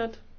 nad